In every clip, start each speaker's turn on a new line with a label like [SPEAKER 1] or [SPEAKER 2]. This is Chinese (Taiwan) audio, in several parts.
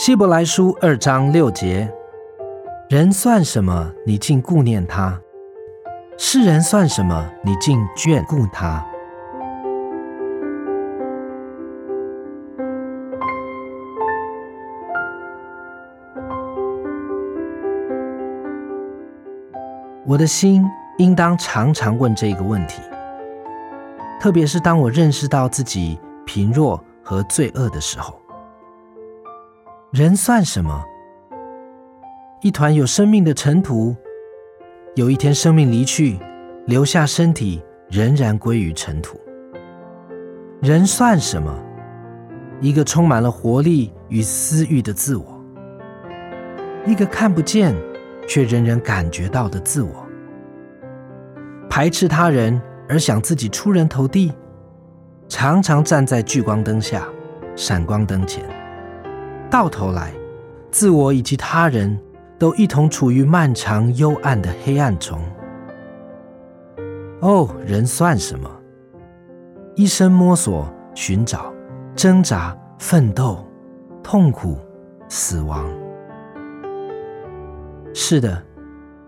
[SPEAKER 1] 希伯來書二章六節，人算什麼，你竟顧念他？世人算什麼，你竟眷顧他？我的心應當常常問這個問題，特別是當我認識到自己貧弱和罪惡的時候。人算什麼？一團有生命的塵土，有一天生命離去，留下身體，仍然歸於塵土。人算什麼？一個充滿了活力與私欲的自我，一個看不見卻仍然感覺到的自我，排斥他人而想自己出人頭地，常常站在聚光燈下，閃光燈前。到頭來，自我以及他人都一同處於漫長幽暗的黑暗中。哦，人算什麼？一生摸索、尋找、掙扎、奮鬥、痛苦、死亡。是的，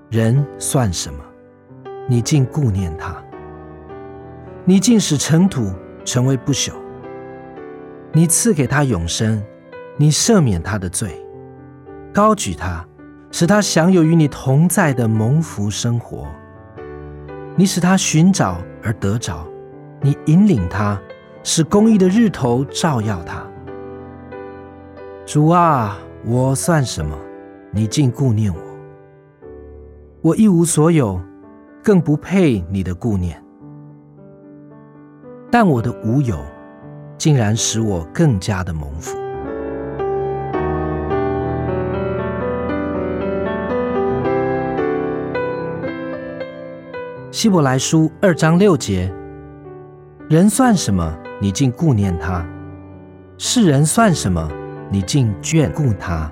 [SPEAKER 1] 人算什麼？你竟顧念他，你竟使塵土成為不朽，你賜給他永生。你赦免他的罪，高舉他，使他享有與你同在的蒙福生活。你使他尋找而得着，你引領他，使公義的日頭照耀他。主啊，我算什麼？你竟顧念我，我一無所有，更不配你的顧念。但我的無有，竟然使我更加的蒙福。希伯來書二章六節：人算什麼，你竟顧念他？世人算什麼，你竟眷顧他？